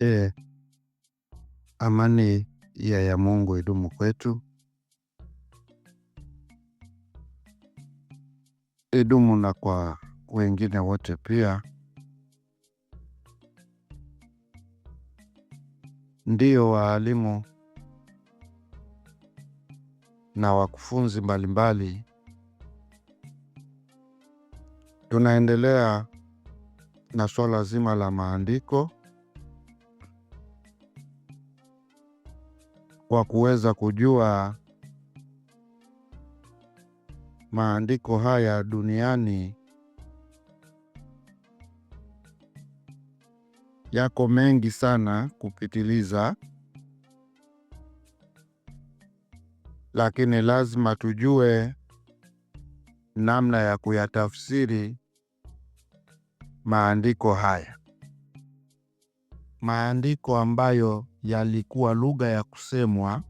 E, amani ya ya Mungu idumu kwetu, idumu na kwa wengine wote pia. Ndiyo, waalimu na wakufunzi mbalimbali tunaendelea na swala zima la maandiko kwa kuweza kujua maandiko haya duniani yako mengi sana kupitiliza, lakini lazima tujue namna ya kuyatafsiri maandiko haya maandiko ambayo yalikuwa lugha ya kusemwa,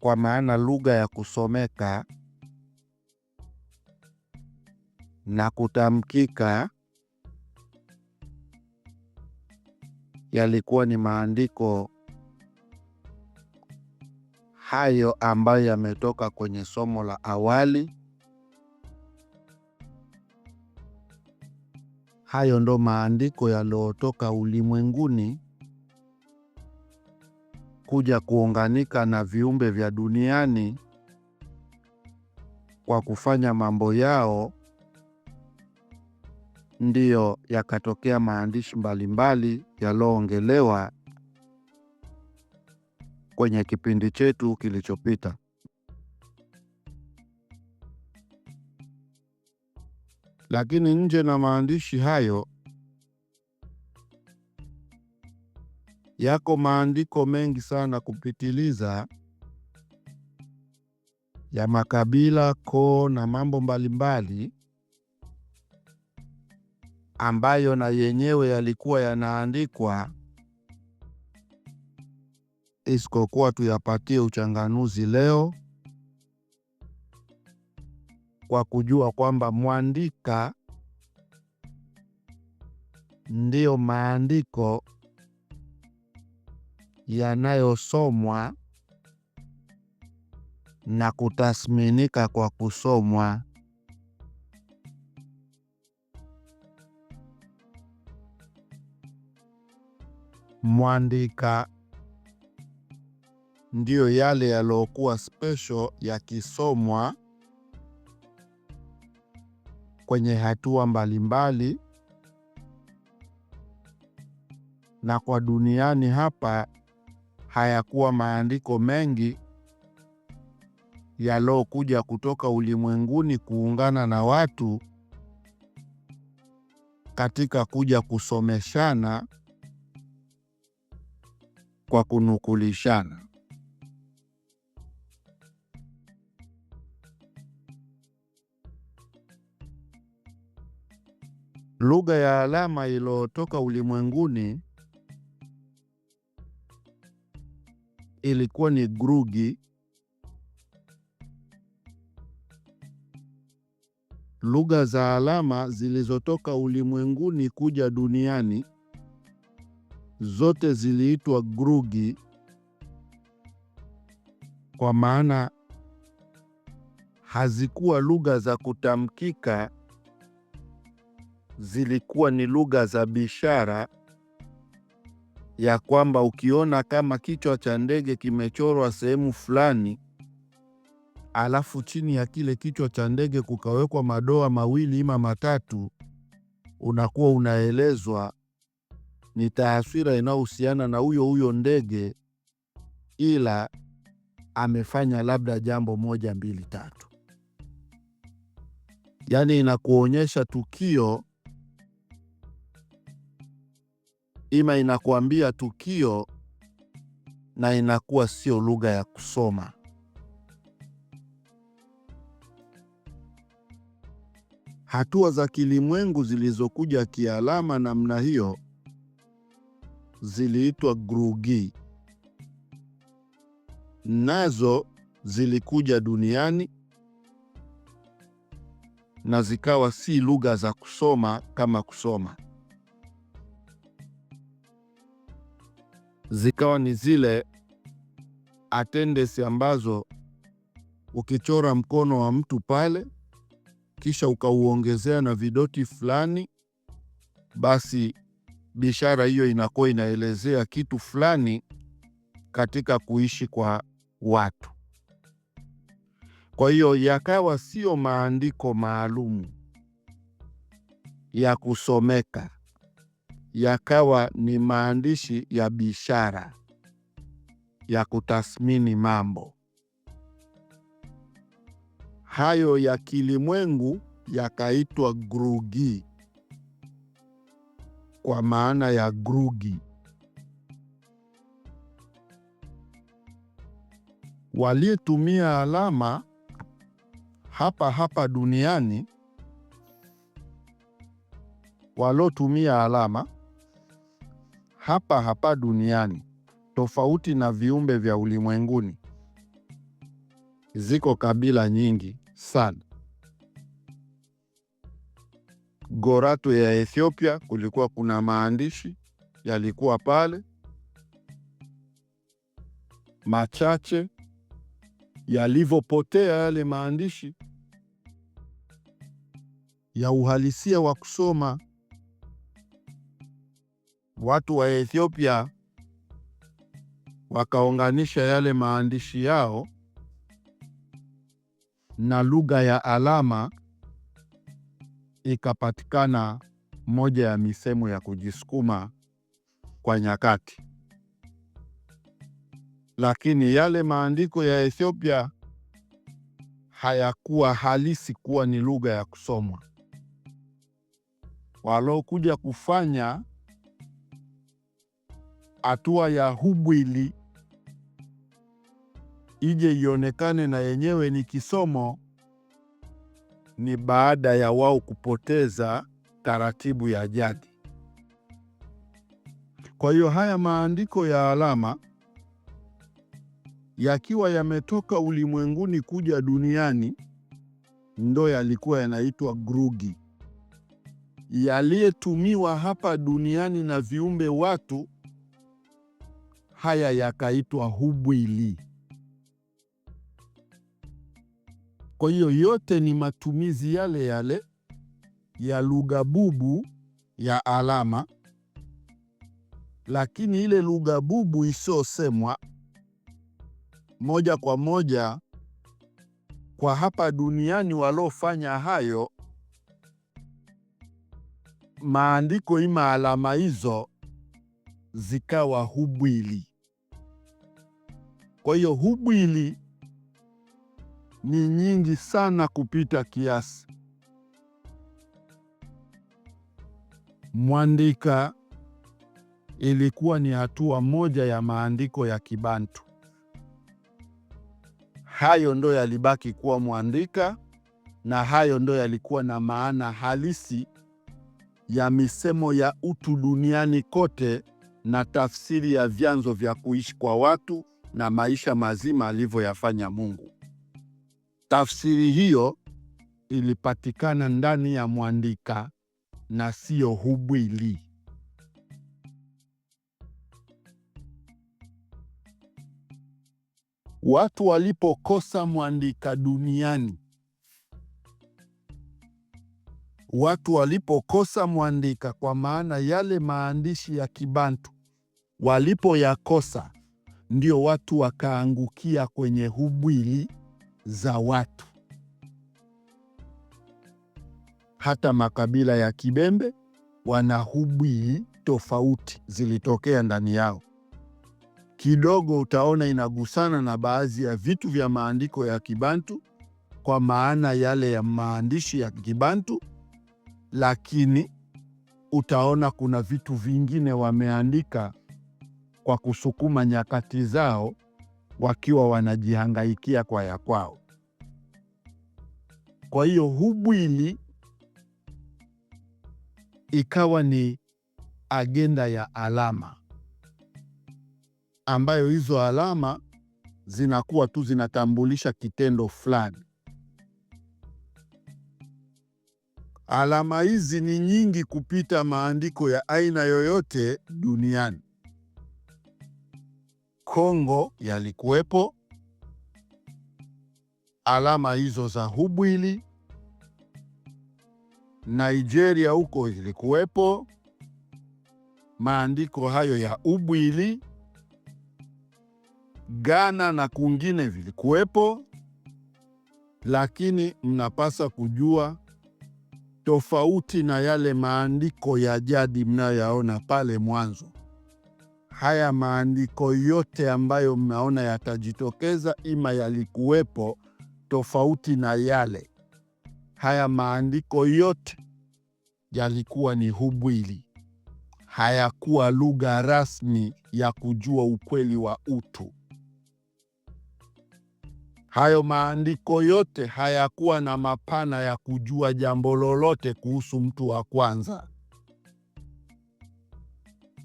kwa maana lugha ya kusomeka na kutamkika, yalikuwa ni maandiko hayo ambayo yametoka kwenye somo la awali Hayo ndo maandiko yaliyotoka ulimwenguni kuja kuunganika na viumbe vya duniani kwa kufanya mambo yao, ndiyo yakatokea maandishi mbalimbali yaliyoongelewa kwenye kipindi chetu kilichopita. Lakini nje na maandishi hayo, yako maandiko mengi sana kupitiliza ya makabila, koo na mambo mbalimbali ambayo na yenyewe yalikuwa yanaandikwa isipokuwa tuyapatie uchanganuzi leo kwa kujua kwamba mwandika ndiyo maandiko yanayosomwa na kutathminika kwa kusomwa. Mwandika ndiyo yale yaliokuwa special yakisomwa kwenye hatua mbalimbali, na kwa duniani hapa hayakuwa maandiko mengi yalokuja kutoka ulimwenguni kuungana na watu katika kuja kusomeshana kwa kunukulishana. lugha ya alama iliyotoka ulimwenguni ilikuwa ni Grugi. Lugha za alama zilizotoka ulimwenguni kuja duniani zote ziliitwa Grugi, kwa maana hazikuwa lugha za kutamkika zilikuwa ni lugha za bishara ya kwamba ukiona kama kichwa cha ndege kimechorwa sehemu fulani, alafu chini ya kile kichwa cha ndege kukawekwa madoa mawili ima matatu, unakuwa unaelezwa ni taaswira inayohusiana na huyo huyo ndege, ila amefanya labda jambo moja mbili tatu, yaani inakuonyesha tukio ima inakuambia tukio na inakuwa sio lugha ya kusoma. Hatua za kilimwengu zilizokuja kialama namna hiyo ziliitwa grugi, nazo zilikuja duniani na zikawa si lugha za kusoma kama kusoma. zikawa ni zile attendance ambazo ukichora mkono wa mtu pale kisha ukauongezea na vidoti fulani, basi bishara hiyo inakuwa inaelezea kitu fulani katika kuishi kwa watu. Kwa hiyo yakawa sio maandiko maalumu ya kusomeka yakawa ni maandishi ya bishara ya kutathmini mambo hayo ya kilimwengu yakaitwa grugi kwa maana ya grugi. Walietumia alama hapa hapa duniani, walotumia alama hapa hapa duniani, tofauti na viumbe vya ulimwenguni. Ziko kabila nyingi sana. Goratu ya Ethiopia kulikuwa kuna maandishi yalikuwa pale machache, yalivyopotea yale maandishi ya uhalisia wa kusoma watu wa Ethiopia wakaunganisha yale maandishi yao na lugha ya alama, ikapatikana moja ya misemo ya kujisukuma kwa nyakati. Lakini yale maandiko ya Ethiopia hayakuwa halisi kuwa ni lugha ya kusomwa. Walokuja kufanya hatua ya Hubwili ije ionekane na yenyewe ni kisomo, ni baada ya wao kupoteza taratibu ya jadi. Kwa hiyo haya maandiko ya alama yakiwa yametoka ulimwenguni kuja duniani, ndo yalikuwa yanaitwa grugi. Yaliyetumiwa hapa duniani na viumbe watu haya yakaitwa hubwili. Kwa hiyo yote ni matumizi yale yale ya lugha bubu ya alama, lakini ile lugha bubu isiyosemwa moja kwa moja kwa hapa duniani, walofanya hayo maandiko ima alama hizo zikawa hubwili. Kwa hiyo hubwili ni nyingi sana kupita kiasi. Mwandika ilikuwa ni hatua moja ya maandiko ya Kibantu. Hayo ndo yalibaki kuwa mwandika, na hayo ndo yalikuwa na maana halisi ya misemo ya utu duniani kote na tafsiri ya vyanzo vya kuishi kwa watu na maisha mazima alivyoyafanya Mungu. Tafsiri hiyo ilipatikana ndani ya mwandika na siyo hubwili Watu walipokosa mwandika duniani, watu walipokosa mwandika, kwa maana yale maandishi ya Kibantu Walipoyakosa ndio watu wakaangukia kwenye hubwili za watu. Hata makabila ya kibembe wana hubwili tofauti zilitokea ndani yao. Kidogo utaona inagusana na baadhi ya vitu vya maandiko ya Kibantu kwa maana yale ya maandishi ya Kibantu, lakini utaona kuna vitu vingine wameandika kwa kusukuma nyakati zao wakiwa wanajihangaikia kwa ya kwao. Kwa hiyo hubwili ikawa ni agenda ya alama ambayo hizo alama zinakuwa tu zinatambulisha kitendo fulani. Alama hizi ni nyingi kupita maandiko ya aina yoyote duniani. Kongo yalikuwepo alama hizo za Hubwili. Nigeria huko ilikuwepo maandiko hayo ya Ubwili. Ghana na kungine vilikuwepo, lakini mnapasa kujua tofauti na yale maandiko ya jadi mnayoyaona pale mwanzo haya maandiko yote ambayo mnaona yatajitokeza, ima yalikuwepo tofauti na yale, haya maandiko yote yalikuwa ni hubwili, hayakuwa lugha rasmi ya kujua ukweli wa utu. Hayo maandiko yote hayakuwa na mapana ya kujua jambo lolote kuhusu mtu wa kwanza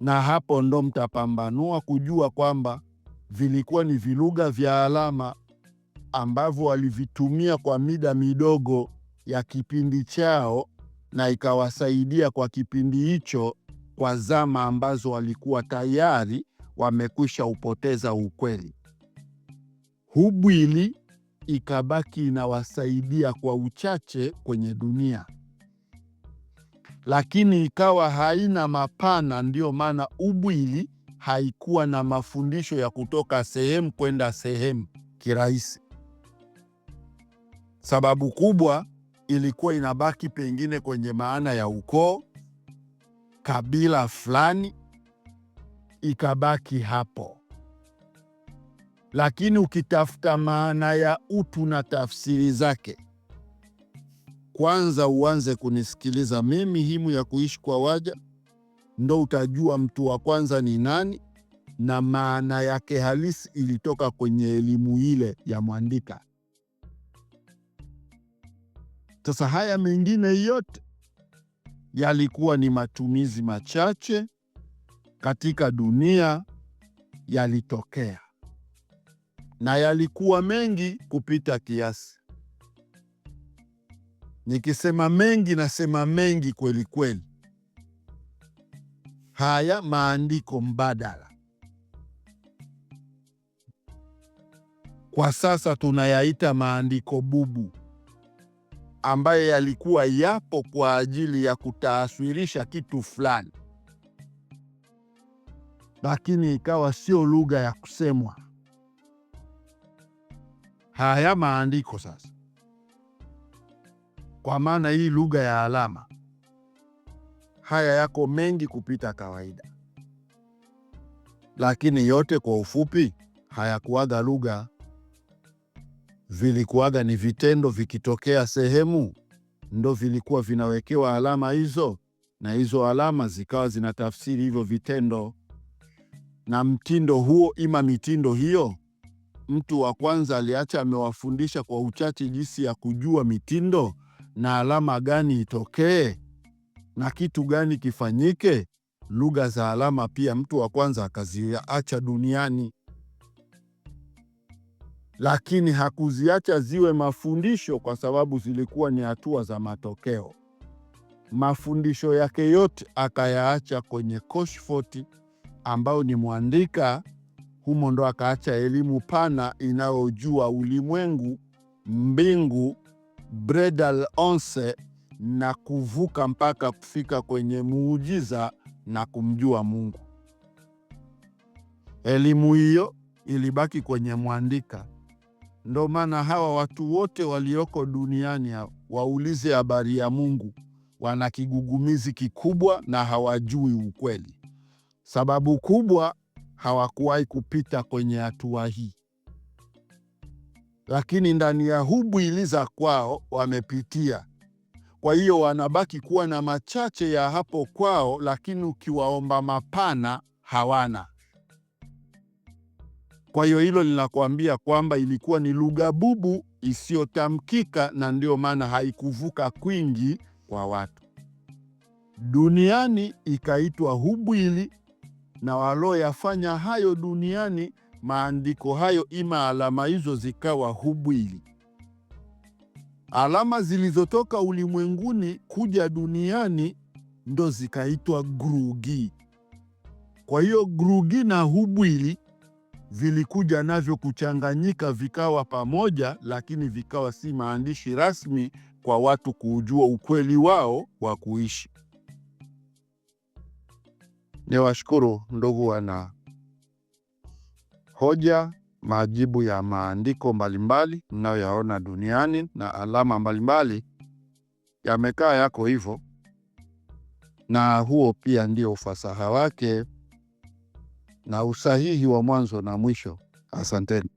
na hapo ndo mtapambanua kujua kwamba vilikuwa ni vilugha vya alama ambavyo walivitumia kwa mida midogo ya kipindi chao, na ikawasaidia kwa kipindi hicho, kwa zama ambazo walikuwa tayari wamekwisha upoteza ukweli. Hubwili ikabaki inawasaidia kwa uchache kwenye dunia lakini ikawa haina mapana. Ndiyo maana Ubwili haikuwa na mafundisho ya kutoka sehemu kwenda sehemu kirahisi. Sababu kubwa ilikuwa inabaki pengine kwenye maana ya ukoo, kabila fulani, ikabaki hapo. Lakini ukitafuta maana ya utu na tafsiri zake kwanza uanze kunisikiliza mimi, Himu ya Kuishi kwa Waja, ndo utajua mtu wa kwanza ni nani na maana yake halisi ilitoka kwenye elimu ile ya Mwandika. Sasa haya mengine yote yalikuwa ni matumizi machache katika dunia yalitokea, na yalikuwa mengi kupita kiasi. Nikisema mengi nasema mengi kweli kweli. Haya maandiko mbadala kwa sasa tunayaita maandiko bubu, ambayo yalikuwa yapo kwa ajili ya kutaaswirisha kitu fulani, lakini ikawa sio lugha ya kusemwa. Haya maandiko sasa kwa maana hii lugha ya alama. Haya yako mengi kupita kawaida, lakini yote kwa ufupi hayakuaga lugha, vilikuaga ni vitendo. Vikitokea sehemu, ndo vilikuwa vinawekewa alama hizo, na hizo alama zikawa zinatafsiri hivyo vitendo na mtindo huo, ima mitindo hiyo. Mtu wa kwanza aliacha amewafundisha kwa uchache jinsi ya kujua mitindo na alama gani itokee na kitu gani kifanyike. Lugha za alama pia mtu wa kwanza akaziacha duniani, lakini hakuziacha ziwe mafundisho, kwa sababu zilikuwa ni hatua za matokeo. Mafundisho yake yote akayaacha kwenye Koshfoti ambayo ni mwandika humo, ndo akaacha elimu pana inayojua ulimwengu, mbingu Bredal 11 na kuvuka mpaka kufika kwenye muujiza na kumjua Mungu. Elimu hiyo ilibaki kwenye mwandika. Ndo maana hawa watu wote walioko duniani waulize habari ya Mungu wana kigugumizi kikubwa na hawajui ukweli. Sababu kubwa hawakuwahi kupita kwenye hatua hii lakini ndani ya hubwili za kwao wamepitia. Kwa hiyo wanabaki kuwa na machache ya hapo kwao, lakini ukiwaomba mapana hawana. Kwa hiyo hilo linakuambia kwamba ilikuwa ni lugha bubu isiyotamkika, na ndio maana haikuvuka kwingi kwa watu duniani, ikaitwa hubwili, na walioyafanya hayo duniani maandiko hayo, ima alama hizo zikawa hubwili, alama zilizotoka ulimwenguni kuja duniani ndo zikaitwa grugi. Kwa hiyo grugi na hubwili vilikuja navyo kuchanganyika vikawa pamoja, lakini vikawa si maandishi rasmi kwa watu kujua ukweli wao wa kuishi. Ni washukuru ndugu wana hoja, majibu ya maandiko mbalimbali mnayoyaona duniani na alama mbalimbali yamekaa yako hivyo, na huo pia ndio ufasaha wake na usahihi wa mwanzo na mwisho. Asanteni.